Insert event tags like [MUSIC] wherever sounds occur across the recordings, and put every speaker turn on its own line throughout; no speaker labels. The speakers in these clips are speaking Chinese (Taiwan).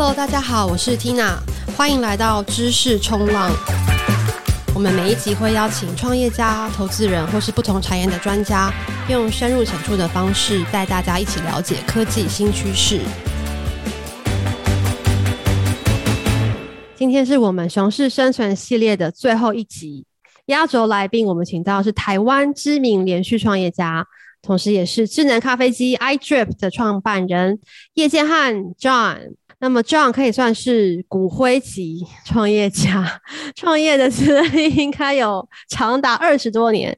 Hello，大家好，我是 Tina，歡迎來到知識衝浪。我們每一集會邀請創業家、投資人或是不同產業的專家，用深入淺出的方式帶大家一起了解科技新趨勢。今天是我們熊市生存系列的最後一集，壓軸來賓我們請到是台灣知名連續創業家，同時也是智能咖啡機 iDrip 的創辦人葉建漢 John。那麼，John 可以算是骨灰級創業家， [LAUGHS] 創業的資歷應該有長達二十多年，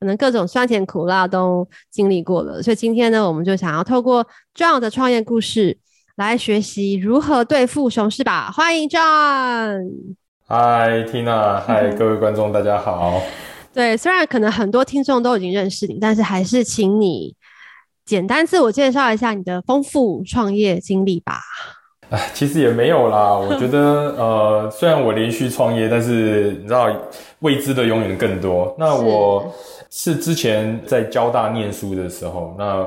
可能各種酸甜苦辣都經歷過了。所以今天呢，我們就想要透過 John 的創業故事來學習如何對付熊市吧。歡迎 John。
Hi，Tina，Hi，各位觀眾，大家好。
對，雖然可能很多聽眾都已經認識你，但是還是請你簡單自我介紹一下你的豐富創業經歷吧。
哎，其實也沒有啦。我覺得， [LAUGHS] 呃，雖然我連續創業，但是你知道，未知的永遠更多。那我是之前在交大念書的時候，那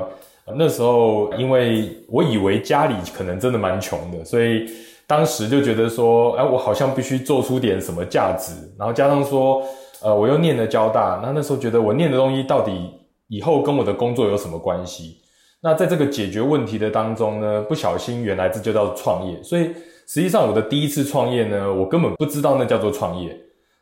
那時候因為我以為家裡可能真的蠻窮的，所以當時就覺得說，哎、呃，我好像必須做出點什麼價值。然後加上說，呃，我又念了交大，那那時候覺得我念的東西到底以後跟我的工作有什麼關係？那在這個解決問題的當中呢，不小心原來這就叫創業，所以實際上我的第一次創業呢，我根本不知道那叫做創業，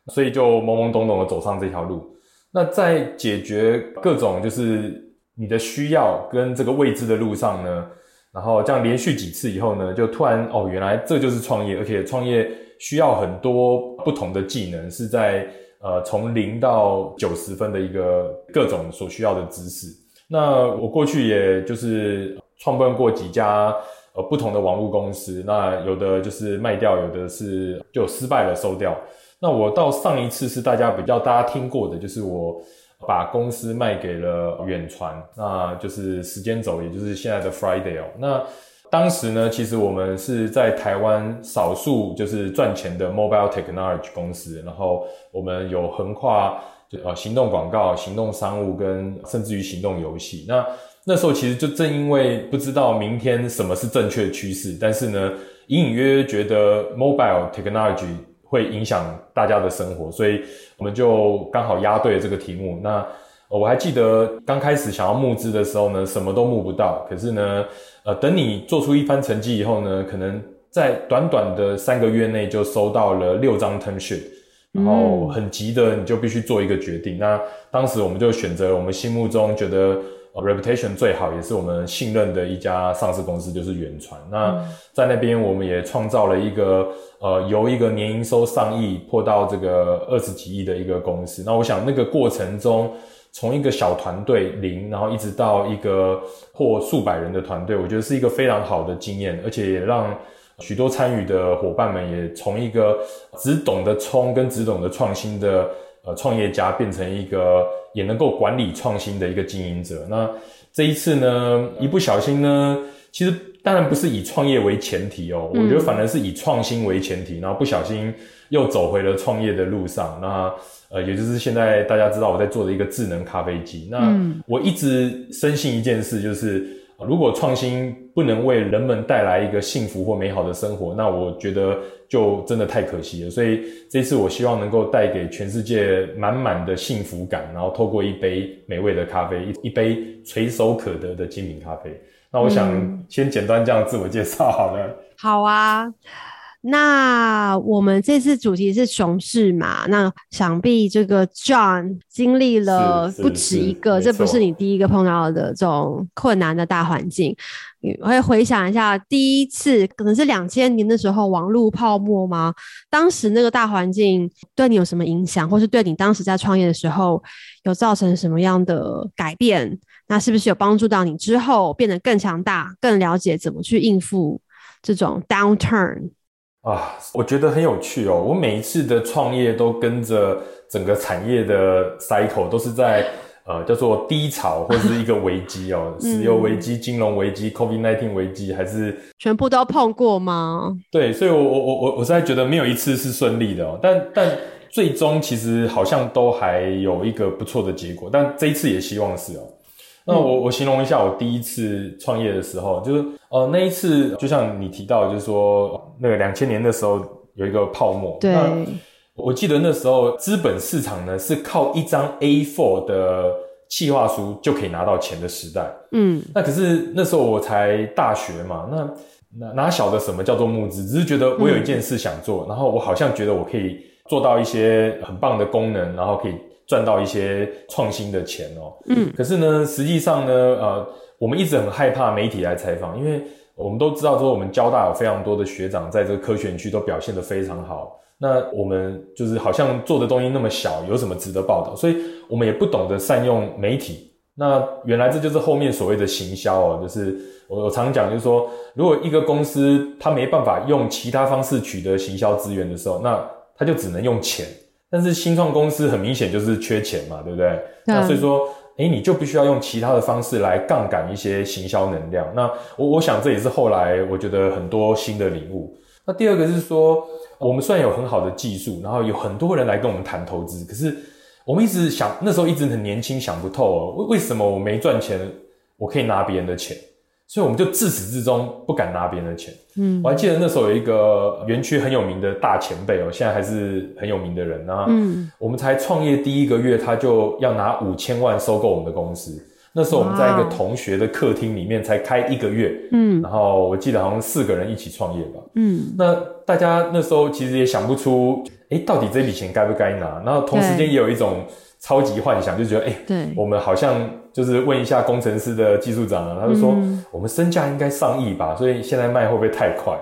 所以就懵懵懂懂的走上這條路。那在解決各種就是你的需要跟這個未知的路上呢，然後這樣連續幾次以後呢，就突然哦，原來這就是創業，而且創業需要很多不同的技能，是在呃從零到九十分的一個各種所需要的知識。那我過去也就是創辦過幾家呃不同的網絡公司，那有的就是賣掉，有的是就失敗了收掉，那我到上一次是大家比較大家聽過的，就是我把公司賣給了遠傳，那就是時間軸，也就是現在的 Friday。那當時呢，其實我們是在台灣少數就是賺錢的 Mobile Technology 公司，然後我們有橫跨。對啊，行動廣告、行動商務跟甚至於行動遊戲，那那時候其實就正因為不知道明天什麼是正確的趨勢，但是呢，隱隱約約覺得 mobile technology 會影響大家的生活，所以我們就剛好壓對了這個題目。那我還記得剛開始想要募資的時候呢，什麼都募不到，可是呢，呃，等你做出一番成績以後呢，可能在短短的三個月內就收到了六張 term sheet。然後很急的，你就必須做一個決定。嗯、那當時我們就選擇了我們心目中覺得、呃、reputation 最好，也是我們信任的一家上市公司，就是遠傳。那在那邊我們也創造了一個呃，由一個年營收上億破到這個二十幾億的一個公司。那我想那個過程中，從一個小團隊零，然後一直到一個破數百人的團隊，我覺得是一個非常好的經驗，而且也讓許多參與的夥伴們也從一個只懂得衝跟只懂得創新的呃創業家，變成一個也能夠管理創新的一個經營者。那這一次呢，一不小心呢，其實當然不是以創業為前提哦，喔，我覺得反而是以創新為前提，嗯，然後不小心又走回了創業的路上。那呃，也就是現在大家知道我在做的一個智能咖啡機。那我一直深信一件事，就是。如果創新不能為人們帶來一個幸福或美好的生活，那我覺得就真的太可惜了。所以這次我希望能夠帶給全世界滿滿的幸福感，然後透過一杯美味的咖啡，一杯垂手可得的精品咖啡。那我想先簡單這樣自我介紹好了。
好啊。那我們這次主題是熊市嘛？那想必這個 John 經歷了不止一個，這不是你第一個碰到的這種困難的大環境。你會回想一下，第一次可能是兩千年的時候網路泡沫嗎？當時那個大環境對你有什麼影響，或是對你當時在創業的時候有造成什麼樣的改變？那是不是有幫助到你之後變得更強大，更了解怎麼去應付這種 downturn？
啊，我覺得很有趣哦。我每一次的創業都跟着整個產業的 cycle，都是在呃叫做低潮或者是一個危機哦， [LAUGHS] 嗯、石油危機、金融危機、COVID-19 危機，還是
全部都碰過嗎？
對，所以我，我我我我我現在覺得沒有一次是順利的哦。但但最終其實好像都還有一個不錯的結果，但這一次也希望是哦。那我我形容一下我第一次創業的時候，就是呃那一次就像你提到，就是說那個兩千年的時候有一個泡沫。對。
那
我記得那時候資本市場呢是靠一張 A4 的企劃書就可以拿到錢的時代。嗯。那可是那時候我才大學嘛，那那哪，哪曉得什麼叫做募資？只是覺得我有一件事想做，嗯、然後我好像覺得我可以做到一些很棒的功能，然後可以。賺到一些創新的錢哦，嗯，可是呢，實際上呢，呃，我們一直很害怕媒體來採訪，因為我們都知道說，我們交大有非常多的學長在這個科學園區都表現得非常好，那我們就是好像做的東西那麼小，有什麼值得報道？所以我們也不懂得善用媒體。那原來這就是後面所謂的行銷哦，就是我我常講，就是說，如果一個公司他沒辦法用其他方式取得行銷資源的時候，那他就只能用錢。但是新創公司很明顯就是缺錢嘛，對不對？嗯、那所以說，哎、欸，你就必須要用其他的方式來槓桿一些行銷能量。那我我想這也是後來我覺得很多新的領悟。那第二個是說，我們雖然有很好的技術，然後有很多人來跟我們談投資，可是我們一直想，那時候一直很年輕，想不透、喔，為為什麼我沒賺錢，我可以拿別人的錢。所以我們就自始至終不敢拿別人的錢。嗯，我還記得那時候有一個園區很有名的大前輩哦，現在還是很有名的人啊。嗯。我們才創業第一個月，他就要拿五千萬收購我們的公司。那時候我們在一個同學的客廳裡面才開一個月。嗯。然後我記得好像四個人一起創業吧。嗯。那大家那時候其實也想不出，誒，到底這筆錢該不該拿？對然後同時間也有一種超級幻想，就覺得哎，誒對我們好像。就是問一下工程師的技術長啊，他就說我們身價應該上億吧，嗯、所以現在賣會不會太快？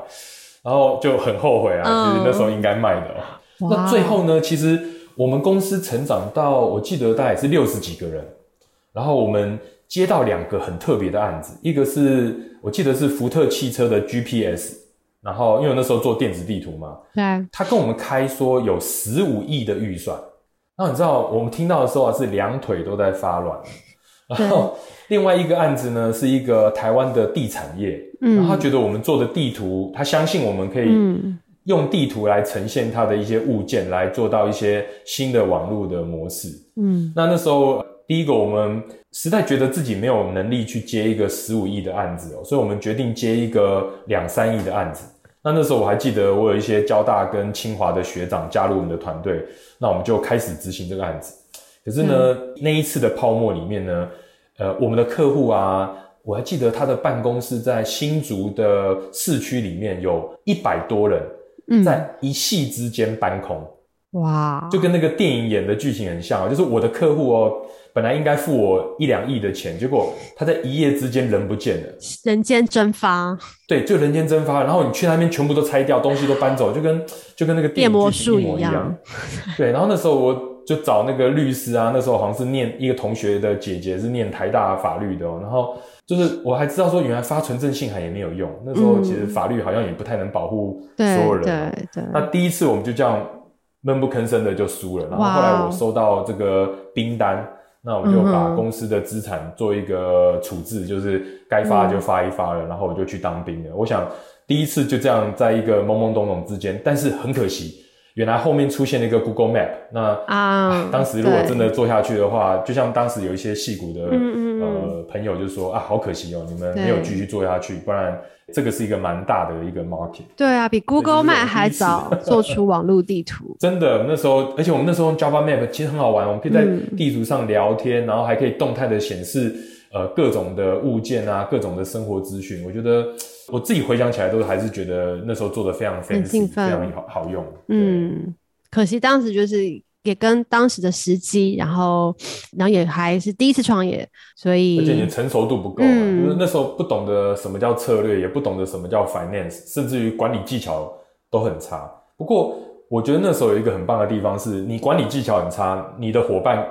然後就很後悔啊，就是、哦、那時候應該賣的。哇那最後呢，其實我們公司成長到我記得大概是六十幾個人，然後我們接到兩個很特別的案子，一個是我記得是福特汽車的 GPS，然後因為那時候做電子地圖嘛，嗯、他跟我們開說有十五億的預算，那你知道我們聽到的時候啊，是兩腿都在發軟。對然後另外一個案子呢，是一個台灣的地產業，嗯，然後他覺得我們做的地圖，他相信我們可以用地圖來呈現他的一些物件，嗯，來做到一些新的網絡的模式，嗯，那那時候第一個我們實在覺得自己沒有能力去接一個十五億的案子哦，所以我們決定接一個兩三億的案子。那那時候我還記得我有一些交大跟清華的學長加入我們的團隊，那我們就開始執行這個案子。可是呢，嗯、那一次的泡沫裡面呢，呃，我們的客戶啊，我還記得他的辦公室在新竹的市區裡面有一百多人，在一夕之間搬空，哇、嗯，就跟那個電影演的劇情很像啊。哇就是我的客戶哦，本來應該付我一兩億的錢，結果他在一夜之間人不見了，
人間蒸發。
對，就人間蒸發。然後你去那邊，全部都拆掉，東西都搬走，就跟就跟那個變魔術一,一樣。一樣 [LAUGHS] 對，然後那時候我，就找那個律師啊，那時候好像是念一個同學的姐姐是念台大法律的，哦，然後就是我還知道說原來發存證信函也沒有用，那時候其實法律好像也不太能保護所有人。對對、嗯、對。對對，那第一次我們就這樣悶不吭聲的就輸了，然後後來我收到這個兵單，哇那我就把公司的資產做一個處置，嗯、哼就是該發就發一發了，嗯、然後我就去當兵了。我想第一次就這樣在一個懵懵懂懂之間，但是很可惜。原來後面出現了一個 Google Map，那、嗯、
啊，當時如果真的做
下去的話，對就像當時有一些矽谷的嗯嗯嗯呃朋友就說啊，好可惜哦，你們沒有繼續做下去，對不然這個是一個蠻大的一個 market。
對啊，比 Google Map 還早做出網路地圖。
[LAUGHS] 真的，那時候，而且我們那時候用 Java Map 其實很好玩，我們可以在地圖上聊天，嗯、然後還可以動態的顯示呃各種的物件啊，各種的生活資訊。我覺得。我自己回想起來，都還是覺得那時候做的非常 fancy，很興奮，非常興奮，非常好好用。嗯，
對可惜當時就是也跟當時的時機，然後然後也還是第一次創業，所以而且你成熟度
不夠，嗯、就是那時候不懂得什麼叫策略，也不懂得什麼叫 finance，甚至於管理技巧都很差。不過我覺得那時候有一個很棒的地方是你管理技巧很差，你的夥伴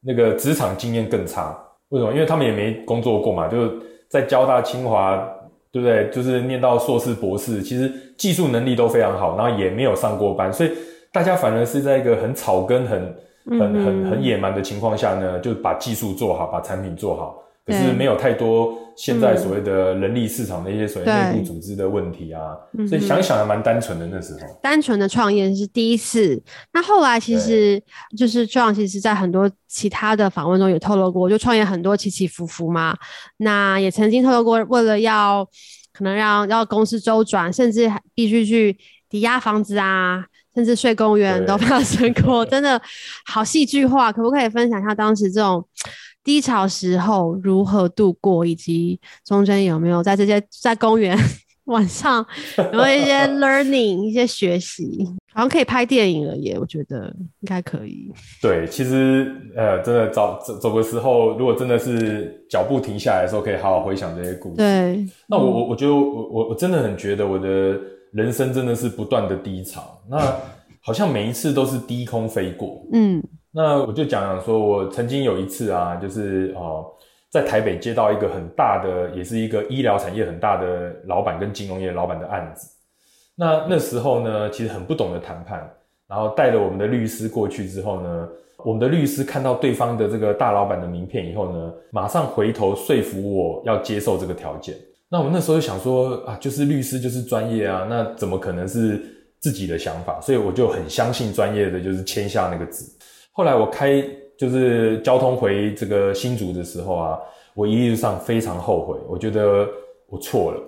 那個職場經驗更差。為什麼？因為他們也沒工作過嘛，就是在交大、清華。對不對？就是念到碩士、博士，其實技術能力都非常好，然後也沒有上過班，所以大家反而是在一個很草根、很、很、很、很野蠻的情況下呢，就把技術做好，把產品做好。可是沒有太多現在所謂的人力市場的一些所謂內部組織的問題啊對，所以想一想還蠻單純的那時候。
單純的創業是第一次。那後來其實就是 John，其實在很多其他的訪問中也透露過，就創業很多起起伏伏嘛。那也曾經透露過，為了要可能讓要公司周轉，甚至還必須去抵押房子啊，甚至睡公園都發生過，對真的好戲劇化。 [LAUGHS] 可不可以分享一下當時這種？低潮時候如何度過，以及中間有沒有在這些在公園 [LAUGHS] 晚上有沒有一些 learning [LAUGHS] 一些學習，好像可以拍電影了耶！我覺得應該可以。
對，其實呃，真的走走走的時候，如果真的是腳步停下來的時候，可以好好回想這些故事。對，那我我我覺得我我我真的很覺得我的人生真的是不斷的低潮， [LAUGHS] 那好像每一次都是低空飛過。嗯。那我就講講說，我曾經有一次啊，就是哦，在台北接到一個很大的，也是一個醫療產業很大的老闆跟金融業老闆的案子。那那時候呢，其實很不懂得談判，然後帶了我們的律師過去之後呢，我們的律師看到對方的這個大老闆的名片以後呢，馬上回頭說服我要接受這個條件。那我那時候就想說啊，就是律師就是專業啊，那怎麼可能是自己的想法？所以我就很相信專業的，就是簽下那個字。後來我開就是交通回這個新竹的時候啊，我一路上非常後悔，我覺得我錯了。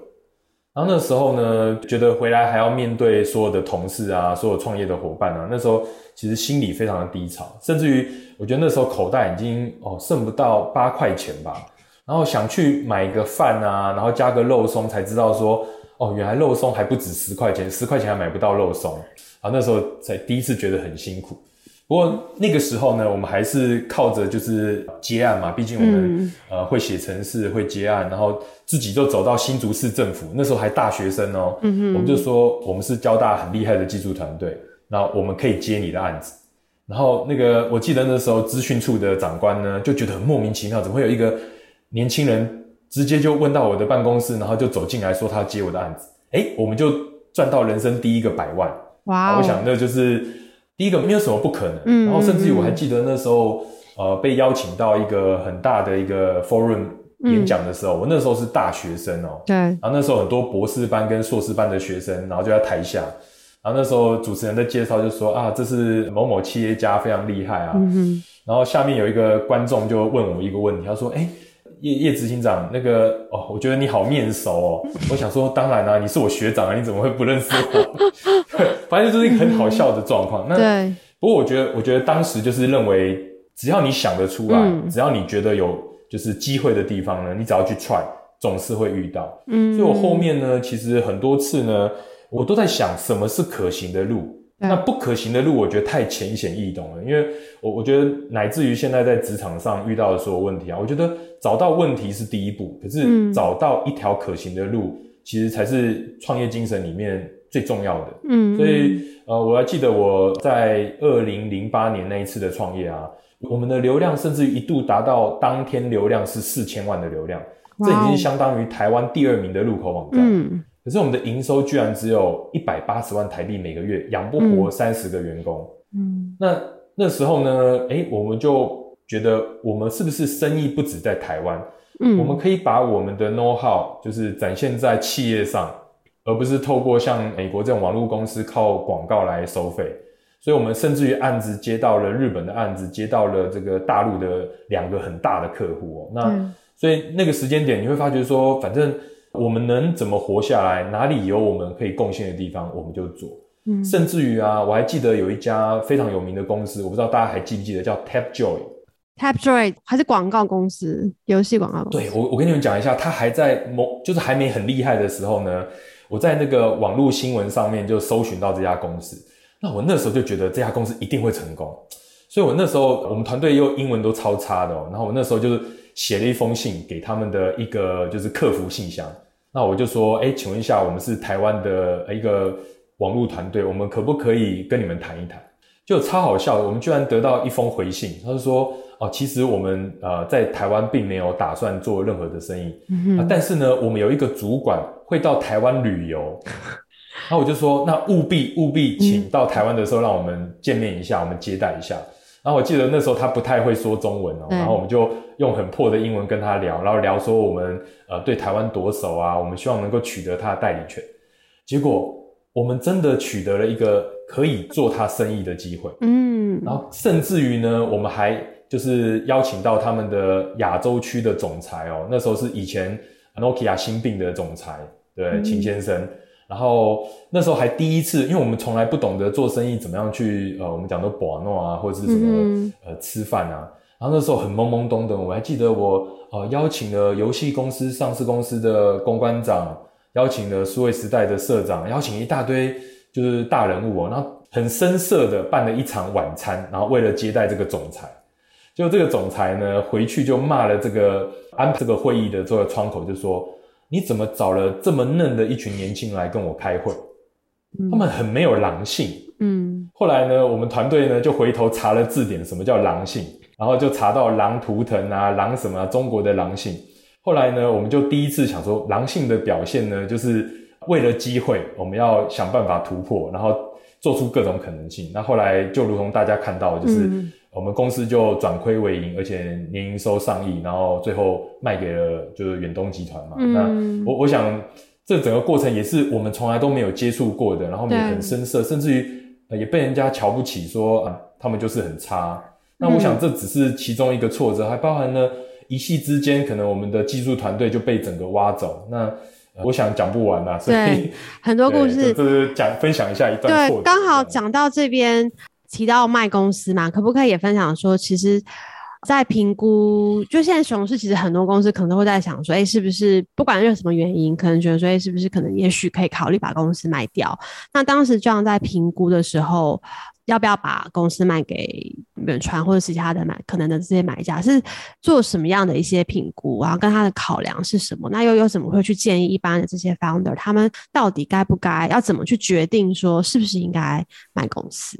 然後那時候呢，覺得回來還要面對所有的同事啊，所有創業的夥伴啊，那時候其實心裡非常的低潮，甚至於我覺得那時候口袋已經哦剩不到八塊錢吧，然後想去買個飯啊，然後加個肉鬆，才知道說哦，原來肉鬆還不止十塊錢，十塊錢還買不到肉鬆啊。然後那時候才第一次覺得很辛苦。不過那個時候呢，我們還是靠着就是接案嘛，畢竟我們呃、嗯、會寫程式、會接案，然後自己就走到新竹市政府，那時候還大學生哦，嗯哼我們就說，我們是交大很厲害的技術團隊，然後我們可以接你的案子。然後那個我記得那時候資訊處的長官呢，就覺得很莫名其妙，怎麼會有一個年輕人直接就問到我的辦公室，然後就走進來說他要接我的案子，哎，我們就賺到人生第一個百萬，
哇 Wow，我想那
就是。第一個沒有什麼不可能，嗯嗯嗯，然後甚至於我還記得那時候，呃，被邀請到一個很大的一個 forum 演講的時候，嗯、我那時候是大學生哦，對、嗯，然後那時候很多博士班跟碩士班的學生，然後就在台下，然後那時候主持人的介紹就說啊，這是某某企業家非常厲害啊，嗯、哼然後下面有一個觀眾就問我一個問題，他說，哎、欸，葉葉執行長，那個哦，我覺得你好面熟哦， [LAUGHS] 我想說，當然啊，你是我學長啊，你怎麼會不認識我？ [LAUGHS] 反正就是一個很好笑的狀況。嗯、那對不過我覺得，我覺得當時就是認為，只要你想得出來，嗯、只要你覺得有就是機會的地方呢，你只要去 try，總是會遇到。嗯，所以我後面呢，其實很多次呢，我都在想，什麼是可行的路？對那不可行的路，我覺得太淺顯易懂了。因為我我覺得，乃至於現在在職場上遇到的所有問題啊，我覺得找到問題是第一步，可是找到一條可行的路，嗯、其實才是創業精神裡面。最重要的，嗯，所以呃，我還記得我在二零零八年那一次的創業啊，我們的流量甚至於，一度達到當天流量是四千萬的流量，
哇這已經相
當於台灣第二名的入口網站，嗯、可是，我們的營收居然只有一百八十萬台幣每個月，養不活三十個員工，嗯、那那時候呢，哎、欸，我們就覺得我們是不是生意不止在台灣，嗯，我們可以把我們的 know how 就是展現在企業上。而不是透過像美國這種網絡公司靠廣告來收費，所以我們甚至於案子接到了日本的案子，接到了這個大陸的兩個很大的客戶哦、喔。那、嗯、所以那個時間點，你會發覺說，反正我們能怎麼活下來，哪裡有我們可以貢獻的地方，我們就做。嗯，甚至於啊，我還記得有一家非常有名的公司，我不知道大家還記不記得，叫 Tapjoy。
Tapjoy 還是廣告公司，遊戲廣告公司。對
我，我跟你們講一下，他還在某就是還沒很厲害的時候呢。我在那個網絡新聞上面就搜尋到這家公司，那我那時候就覺得這家公司一定會成功，所以我那時候我們團隊又英文都超差的哦，然後我那時候就是寫了一封信給他們的一個就是客服信箱，那我就說，哎，請問一下，我們是台灣的一個網絡團隊，我們可不可以跟你們談一談？就超好笑，我們居然得到一封回信，他就說。哦，其實我們呃在台灣並沒有打算做任何的生意，嗯、哼但是呢，我們有一個主管會到台灣旅遊， [LAUGHS] 然後我就說，那務必務必請到台灣的時候讓我們見面一下，嗯、我們接待一下。然後我記得那時候他不太會說中文哦、喔，嗯、然後我們就用很破的英文跟他聊，然後聊說我們呃對台灣多熟啊，我們希望能夠取得他的代理權。結果我們真的取得了一個可以做他生意的機會，嗯，然後甚至於呢，我們還。就是邀請到他們的亞洲區的總裁哦，那時候是以前 Nokia、ok、新病的總裁，對，秦先生。嗯、然後那時候還第一次，因為我們從來不懂得做生意怎麼樣去呃，我們講的擺弄啊，或者是什麼呃吃飯啊。嗯、然後那時候很懵懵懂懂，我還記得我呃邀請了遊戲公司上市公司的公關長，邀請了數位時代的社長，邀請一大堆就是大人物哦，然後很生澀的辦了一場晚餐，然後為了接待這個總裁。就這個總裁呢，回去就罵了這個安排這個會議的這個窗口，就說你怎麼找了這麼嫩的一群年輕人來跟我開會？嗯、他們很沒有狼性。嗯。後來呢，我們團隊呢就回頭查了字典，什麼叫狼性？然後就查到狼圖騰啊，狼什麼啊，中國的狼性。後來呢，我們就第一次想說，狼性的表現呢，就是為了機會，我們要想辦法突破，然後做出各種可能性。那後來就如同大家看到的，就是。嗯我們公司就轉虧為盈，而且年營收上億，然後最後賣給了就是遠東集團嘛。嗯、那我我想，這整個過程也是我們從來都沒有接觸過的，然後也很生澀，對甚至於、呃、也被人家瞧不起說，說、啊、他們就是很差。那我想這只是其中一個挫折，嗯、還包含了一夕之間，可能我們的技術團隊就被整個挖走。那、呃、我想講不完啦，所以
很多故事就
是講分享一下一段。對，
剛好講到這邊。提到賣公司嘛，可不可以也分享說，其實，在評估，就現在熊市，其實很多公司可能都會在想說，哎、欸，是不是不管因為什麼原因，可能覺得說，哎、欸，是不是可能也許可以考慮把公司賣掉？那當時這樣在評估的時候，要不要把公司賣給遠傳或者其他的買可能的這些買家，是做什麼樣的一些評估然後跟他的考量是什麼？那又有什麼會去建議一般的這些 founder 他們到底該不該要怎麼去決定說，是不是應該賣公司？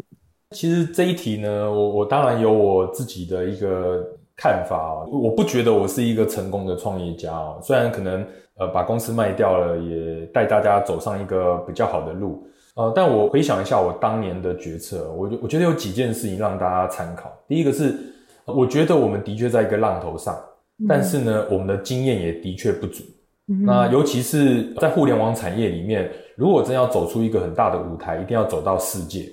其實這一題呢，我我當然有我自己的一個看法哦。我不覺得我是一個成功的創業家哦，雖然可能呃把公司賣掉了，也帶大家走上一個比較好的路。呃，但我回想一下我當年的決策，我我覺得有幾件事情讓大家參考。第一個是，我覺得我們的確在一個浪頭上，嗯。但是呢，我們的經驗也的確不足。嗯哼。那尤其是在互聯網產業裡面，如果真要走出一個很大的舞台，一定要走到世界。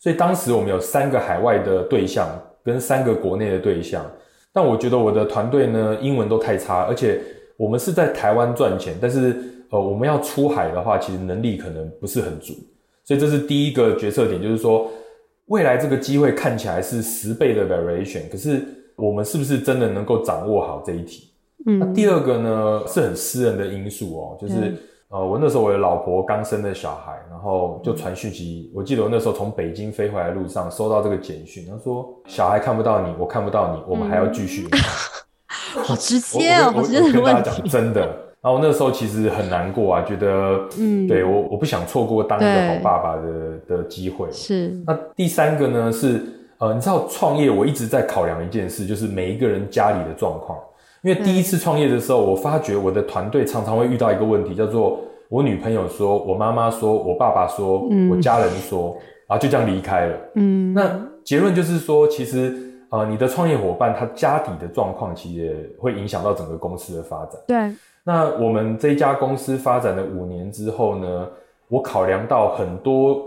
所以當時我們有三個海外的對象跟三個國內的對象，但我覺得我的團隊呢，英文都太差，而且我們是在台灣賺錢，但是呃我們要出海的話，其實能力可能不是很足，所以這是第一個決策點，就是說未來這個機會看起來是十倍的 variation，可是我們是不是真的能夠掌握好這一題？嗯，那、啊、第二個呢是很私人的因素哦，就是。嗯呃，我那時候我的老婆剛生的小孩，然後就傳訊息。嗯、我記得我那時候從北京飛回來的路上收到這個簡訊，他說，小孩看不到你，我看不到你，我們還要繼續。好、
嗯、 [LAUGHS] 直接啊！ [LAUGHS] 我覺得跟大家講
真的。然後我那時候其實很難過啊，覺得嗯，對我我不想錯過當一個好爸爸的對的機會。是。那第三個呢是呃，你知道創業，我一直在考量一件事，就是每一個人家裡的狀況。因為第一次創業的時候，嗯、我發覺我的團隊常常會遇到一個問題，叫做我女朋友說，我媽媽說，我爸爸說，嗯、我家人說，然後就這樣離開了。嗯，那結論就是說，其實、呃、你的創業夥伴他家底的狀況，其實也會影響到整個公司的發展。對。那我們這家公司發展了五年之後呢，我考量到很多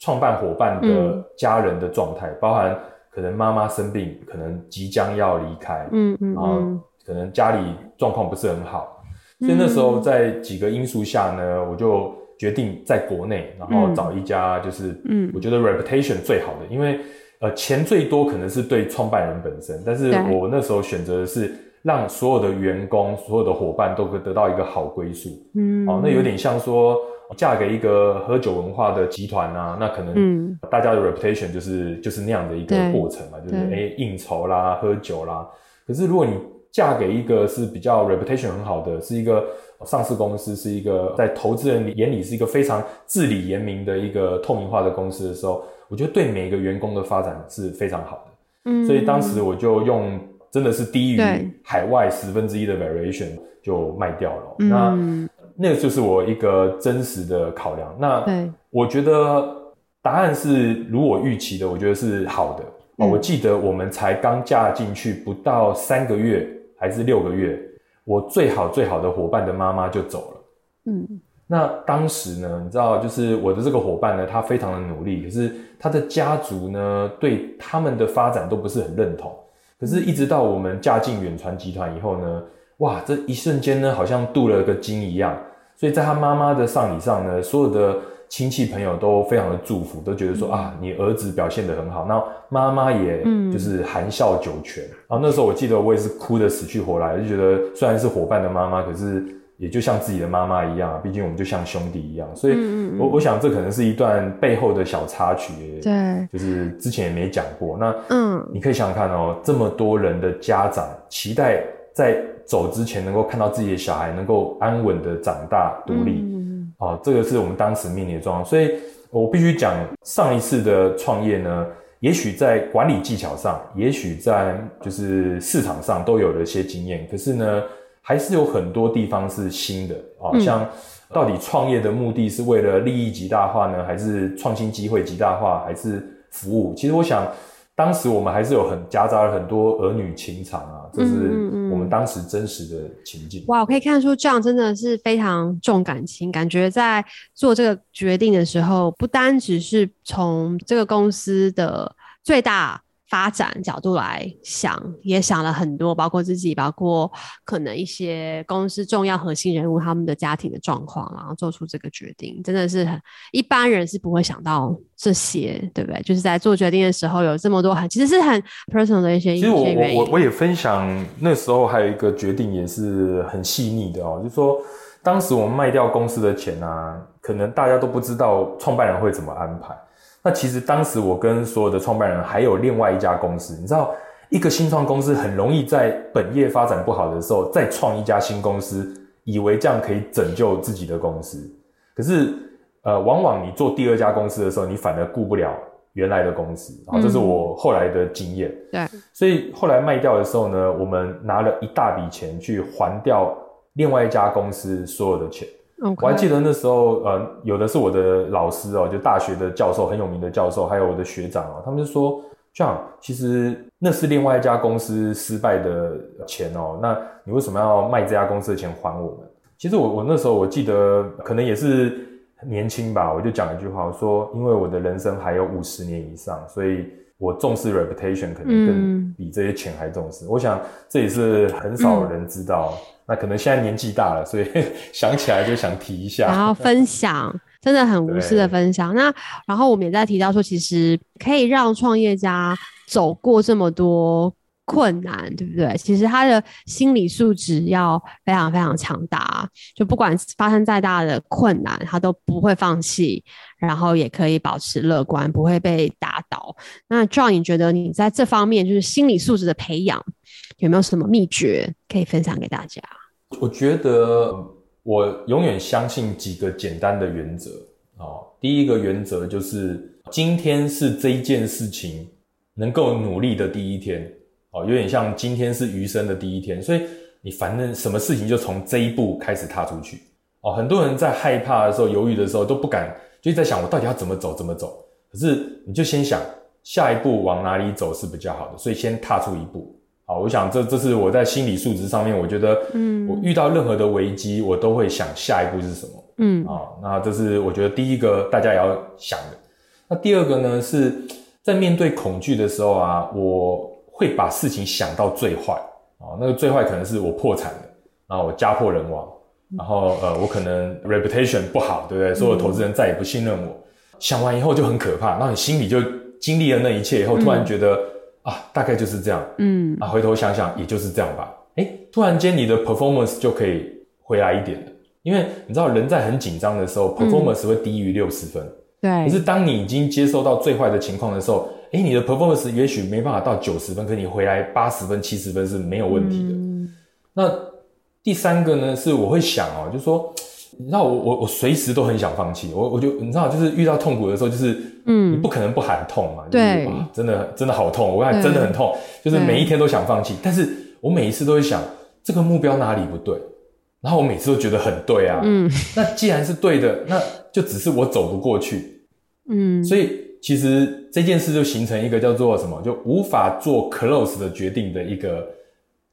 創辦夥伴的家人的狀態，嗯、包含可能媽媽生病，可能即將要離開。嗯嗯。然後。可能家裡狀況不是很好，所以那時候在幾個因素下呢，嗯、我就決定在國內，然後找一家就是，嗯，我覺得 reputation 最好的，嗯嗯、因為呃，錢最多可能是對創辦人本身，但是我那時候選擇的是讓所有的員工、所有的夥伴都會得到一個好歸宿，嗯，哦，那有點像說嫁給一個喝酒文化的集團啊，那可能大家的 reputation 就是就是那樣的一個過程嘛，嗯、就是哎、欸，應酬啦，喝酒啦，可是如果你嫁給一個是比較 reputation 很好的，是一個上市公司，是一個在投資人眼裡是一個非常治理嚴明的一個透明化的公司的時候，我覺得對每一個員工的發展是非常好的。嗯、所以當時我就用真的是低於海外十分之一的 variation 對就賣掉了。嗯、那那個就是我一個真實的考量。那我覺得答案是如我預期的，我覺得是好的。嗯、我記得我們才剛嫁進去不到三個月。還是六個月，我最好最好的夥伴的媽媽就走了。嗯，那當時呢，你知道，就是我的這個夥伴呢，他非常的努力，可是他的家族呢，對他們的發展都不是很認同。可是，一直到我們嫁進遠傳集團以後呢，哇，這一瞬間呢，好像鍍了個金一樣。所以在他媽媽的喪禮上呢，所有的。親戚朋友都非常的祝福，都覺得說啊，你兒子表現得很好。那媽媽也就是含笑九泉啊。嗯、然後那時候我記得我也是哭得死去活來，就覺得雖然是夥伴的媽媽，可是也就像自己的媽媽一樣、啊，畢竟我們就像兄弟一樣。所以，嗯嗯嗯我，我想這可能是一段背後的小插曲，對，就是之前也沒講過。那嗯，你可以想想看哦，嗯、這麼多人的家長期待在走之前能夠看到自己的小孩能夠安穩地長大獨立。嗯啊，哦，這個是我們當時面臨的狀況，所以我必須講，上一次的創業呢，也許在管理技巧上，也許在就是市場上都有了一些經驗，可是呢，還是有很多地方是新的啊，哦。嗯。像到底創業的目的是為了利益極大化呢，還是創新機會極大化，還是服務？其實我想。當時我們還是有很夾雜了很多兒女情長啊，這是我們當時真實的情景。嗯嗯。
哇，可以看出 John 真的是非常重感情，感覺在做這個決定的時候，不單只是從這個公司的最大。發展角度來想，也想了很多，包括自己，包括可能一些公司重要核心人物他們的家庭的狀況，然後做出這個決定，真的是很，一般人是不會想到這些，對不對？就是在做決定的時候，有這麼多很，其實是很 personal 的一些一些、一些原因。其實我我我
也分享，那時候還有一個決定也是很細膩的哦，就是說當時我們賣掉公司的錢啊，可能大家都不知道創辦人會怎麼安排。那其實當時我跟所有的創辦人，還有另外一家公司，你知道，一個新創公司很容易在本業發展不好的時候再創一家新公司，以為這樣可以拯救自己的公司。可是，呃，往往你做第二家公司的時候，你反而顧不了原來的公司，然後，哦，這是我後來的經驗。嗯，對，所以後來賣掉的時候呢，我們拿了一大筆錢去還掉另外一家公司所有的錢。
Okay. 我還記得那
時候，呃，有的是我的老師哦、喔，就大學的教授，很有名的教授，還有我的學長哦、喔，他們就說：像其實那是另外一家公司失敗的錢哦、喔，那你為什麼要賣這家公司的錢還我們？其實我我那時候我記得，可能也是年輕吧，我就講一句話，我說：因為我的人生還有五十年以上，所以我重視 reputation 肯定更比這些錢還重視。嗯、我想這也是很少人知道。嗯那、啊、可能現在年紀大了，所以想起來就想提一下。然後分
享，真的很無私的分享。對對對。那然後我們也在提到說，其實可以讓創業家走過這麼多困難，對不對？其實他的心理素質要非常非常強大，就不管發生再大的困難，他都不會放棄，然後也可以保持樂觀，不會被打倒。那 John，你覺得你在這方面就是心理素質的培養，有沒有什麼祕訣可以分享給大家？
我覺得我永遠相信幾個簡單的原則哦，第一個原則就是，今天是這一件事情能夠努力的第一天哦，有點像今天是餘生的第一天。所以你反正什麼事情就從這一步開始踏出去哦。很多人在害怕的時候、猶豫的時候都不敢，就在想我到底要怎麼走、怎麼走。可是你就先想下一步往哪裡走是比較好的，所以先踏出一步。好，我想這這是我在心理素質上面，我覺得，嗯，我遇到任何的危機，嗯、我都會想下一步是什麼，嗯，啊，那這是我覺得第一個大家也要想的。那第二個呢是在面對恐懼的時候啊，我會把事情想到最壞，啊，那個最壞可能是我破產了，然、啊、後我家破人亡，然後呃，我可能 reputation 不好，對不對？所有投資人再也不信任我，嗯、想完以後就很可怕，然後你心裡就經歷了那一切以後，突然覺得，嗯啊，大概就是這樣。嗯，啊，回頭想想，也就是這樣吧。哎，突然間你的 performance 就可以回來一點了，因為你知道人在很緊張的時候，嗯，performance 會低於六十分。對。可是當你已經接受到最壞的情況的時候，哎，你的 performance 也許沒辦法到九十分，可你回來八十分、七十分是沒有問題的。嗯，那第三個呢，是我會想哦，就是說。你知道我我我隨時都很想放棄，我我就你知道就是遇到痛苦的時候，就是嗯，你不可能不喊痛嘛，
對、就是，哇，
真的真的好痛，我還真的很痛，對就是每一天都想放棄，對但是我每一次都會想這個目標哪裡不對，然後我每次都覺得很對啊，嗯，那既然是對的，那就只是我走不過去，嗯，所以其實這件事就形成一個叫做什麼，就無法做 close 的決定的一個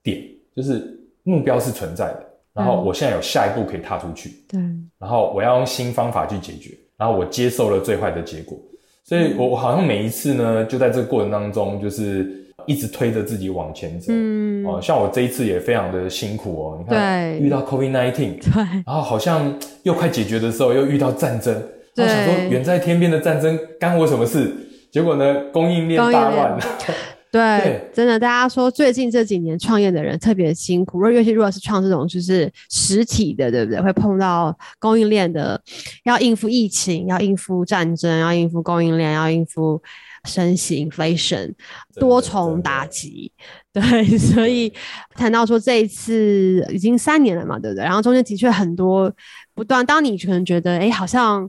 點，就是目標是存在的。然後我現在有下一步可以踏出去，嗯、對。然後我要用新方法去解決，然後我接受了最壞的結果，所以我我好像每一次呢，就在這個過程當中，就是一直推着自己往前走。嗯，哦，像我這一次也非常的辛苦哦，你看對遇到 COVID-19，對，然後好像又快解決的時候又遇到戰爭，我對想說，遠在天邊的戰爭干我什麼事？結果呢，供應鏈大亂。業 [LAUGHS] 對，對
真的，大家說最近這幾年創業的人特別辛苦。而尤其如果是創這種就是實體的，對不對？會碰到供應鏈的，要應付疫情，要應付戰爭，要應付供應鏈，要應付升息 inflation，多重打擊。對，對，對，對，所以談到說這一次已經三年了嘛，對不對？然後中間的確很多不斷，當你可能覺得哎，好像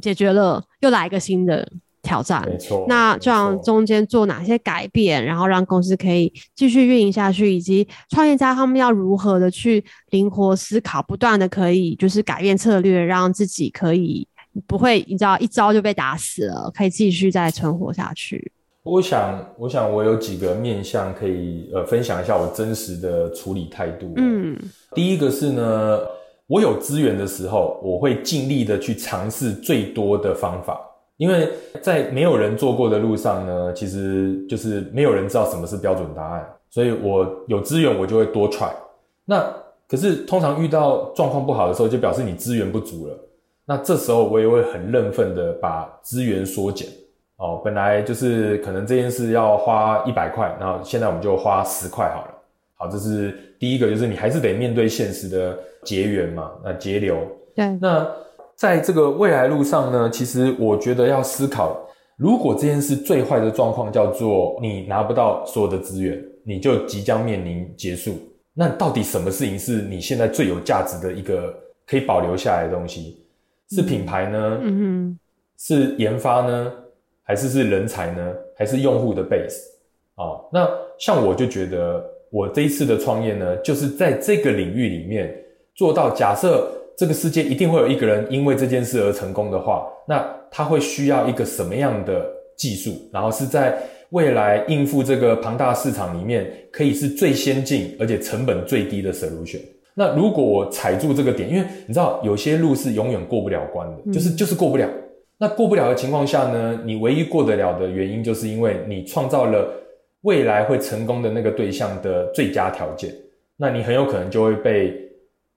解決了，又來一個新的。挑戰，沒錯，那這樣中間做哪些改變，沒錯。然後讓公司可以繼續運營下去，以及創業家他們要如何的去靈活思考，不斷的可以就是改變策略，讓自己可以不會你知道一招就被打死了，可以繼續再存活下去。
我想，我想我有幾個面向可以呃分享一下我真實的處理態度。嗯，第一個是呢，我有資源的時候，我會盡力的去嘗試最多的方法。因為在沒有人做過的路上呢，其實就是沒有人知道什麼是標準答案，所以我有資源我就會多 try。那可是通常遇到狀況不好的時候，就表示你資源不足了。那這時候我也會很認分的把資源縮減哦。本來就是可能這件事要花一百塊，那現在我們就花十塊好了。好，這是第一個，就是你還是得面對現實的節源嘛，那節流。對，那。在這個未來路上呢，其實我覺得要思考，如果這件事最壞的狀況叫做你拿不到所有的資源，你就即將面臨結束。那到底什麼事情是你現在最有價值的一個可以保留下來的東西？
是品牌
呢？嗯哼，是研發呢？還是是人才呢？還是用戶的 base？啊，哦，那像我就覺得我這一次的創業呢，就是在這個領域裡面做到假設。這個世界一定會有一個人因為這件事而成功的話，那他會需要一個什麼樣的技術？然後是在未來應付這個龐大市場裡面，可以是最先進而且成本最低的 solution。那如果我踩住這個點，因為你知道有些路是永遠過不了關的，就是、嗯、就是過不了。那過不了的情況下呢，你唯一過得了的原因，就是因為你創造了未來會成功的那個對象的最佳條件。那你很有可能就會被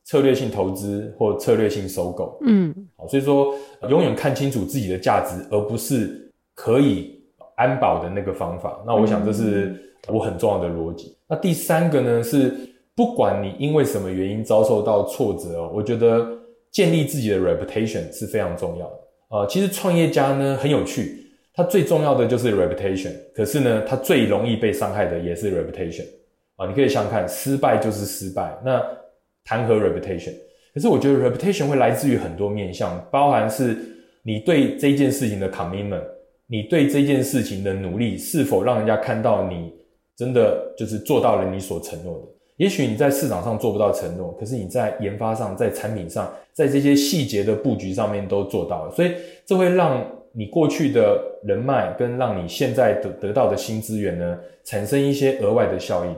策略性投資或策略性收購，嗯，好，所以說、呃、永遠看清楚自己的價值，而不是可以安保的那個方法。那我想這是我很重要的邏輯。嗯，那第三個呢是，不管你因為什麼原因遭受到挫折，我覺得建立自己的 reputation 是非常重要的。呃，其實創業家呢很有趣，他最重要的就是 reputation，可是呢，他最容易被傷害的也是 reputation。啊，呃，你可以想想看，失敗就是失敗。那談何 reputation，可是我覺得 reputation 會來自於很多面向，包含是你對這件事情的 commitment，你對這件事情的努力是否讓人家看到你真的就是做到了你所承諾的。也許你在市場上做不到承諾，可是你在研發上、在產品上、在這些細節的布局上面都做到了，所以這會讓你過去的人脈跟讓你現在得到的新資源呢，產生一些額外的效益。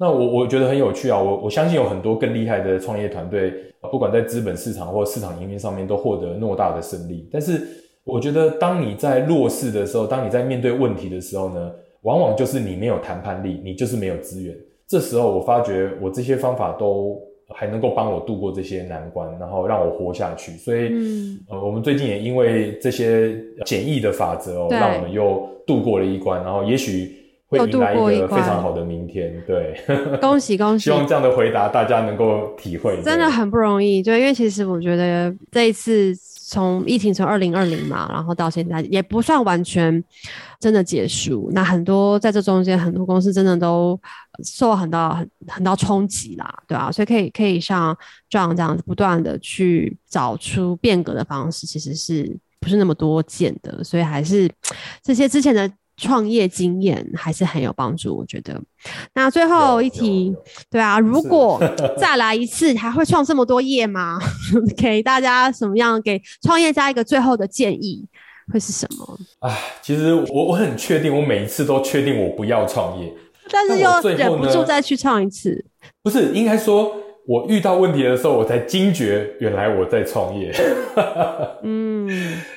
那我我覺得很有趣啊，我我相信有很多更厲害的創業團隊，不管在資本市場或市場營運上面都獲得偌大的勝利。但是我覺得，當你在弱勢的時候，當你在面對問題的時候呢，往往就是你沒有談判力，你就是沒有資源。這時候我發覺，我這些方法都還能夠幫我度過這些難關，然後讓我活下去。所以，嗯、呃，我們最近也因為這些簡易的法則哦，對讓我們又度過了一關，然後也許。會度過一個非常好的明天，對，恭
喜恭喜！ [LAUGHS] 希望這
樣的回答大家能夠體會，真的
很不容易。對，因為其實我覺得這一次從疫情從二零二零嘛，然後到現在也不算完全真的結束，那很多在這中間很多公司真的都受到很多很很多衝擊啦，對吧、啊？所以可以可以像 John 這樣子不斷的去找出變革的方式，其實是不是那麼多見的，所以還是這些之前的。創業經驗還是很有幫助，我覺得。那最後一題，對啊，如果再來一次，還會創這麼多業嗎？ [LAUGHS] 給大家什麼樣？給創業家一個最後的建議會是什麼？
唉、啊，其實我我很確定，我每一次都確定我不要創業，
但是又忍不住再去創一次。
不是，應該說。我遇到問題的時候，我才驚覺，原來我在創業。 [LAUGHS] 嗯，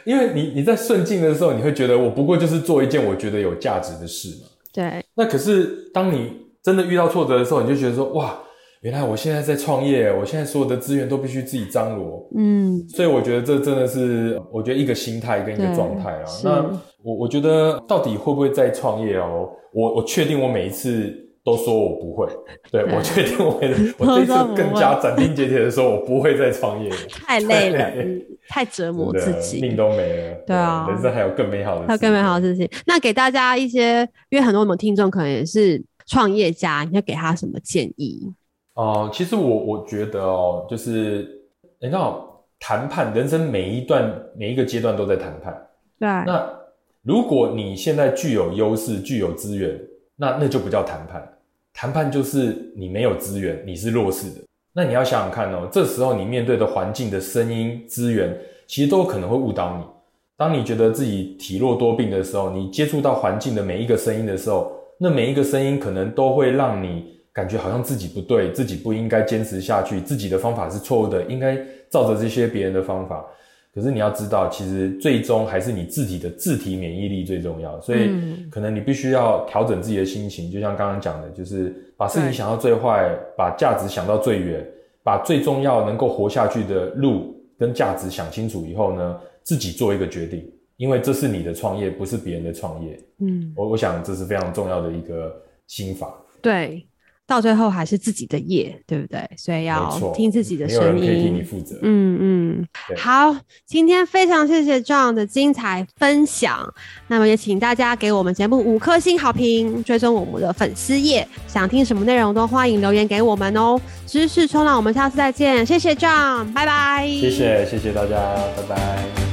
因為你你在順境的時候，你會覺得我不過就是做一件我覺得有價值的事嘛。
對。那
可是當你真的遇到挫折的時候，你就覺得說，哇，原來我現在在創業，我現在所有的資源都必須自己張羅。嗯。所以我覺得這真的是，我覺得一個心態跟一個狀態啊。那我我覺得到底會不會再創業哦？我我確定我每一次。都說我不會，對， [LAUGHS] 對我確定我會， [LAUGHS] 我這次更加斬釘截鐵的說，我不會再創業了， [LAUGHS] 太累了， [LAUGHS] 太
折磨自己，命都沒了，對啊，人生
還有更美好的事情。還有更美好
的事情。那給大家一些，因為很多我們聽眾可能也是創業家，你要給他什麼建議？哦、
呃，其實我我覺得哦、喔，就是你知道喔、談判，人生每一段每一個階段都在談判，對。那如果你現在具有優勢，具有資源。那那就不叫談判，談判就是你沒有資源，你是弱勢的。那你要想想看哦，這時候你面對的環境的聲音資源，其實都有可能會誤導你。當你覺得自己體弱多病的時候，你接觸到環境的每一個聲音的時候，那每一個聲音可能都會讓你感覺好像自己不對，自己不應該堅持下去，自己的方法是錯誤的，應該照着這些別人的方法。可是你要知道，其實最終還是你自己的自體免疫力最重要，所以可能你必須要調整自己的心情，嗯、就像剛剛講的，就是把事情想到最壞，對把價值想到最遠，把最重要能夠活下去的路跟價值想清楚以後呢，自己做一個決定，因為這是你的創業，不是別人的創業。嗯，我我想這是非常重要的一個心法。
對。到最後還是自己的業，對不對？所以要聽自己的聲音。沒有人可以替你負責。嗯嗯，嗯對好，今天非常謝謝 John 的精彩分享。那麼也請大家給我們節目五顆星好評，追蹤我們的粉絲頁。想聽什麼內容都歡迎留言給我們哦。知識衝浪，我們下次再見。謝謝 John，拜拜。謝謝
謝謝大家，拜拜。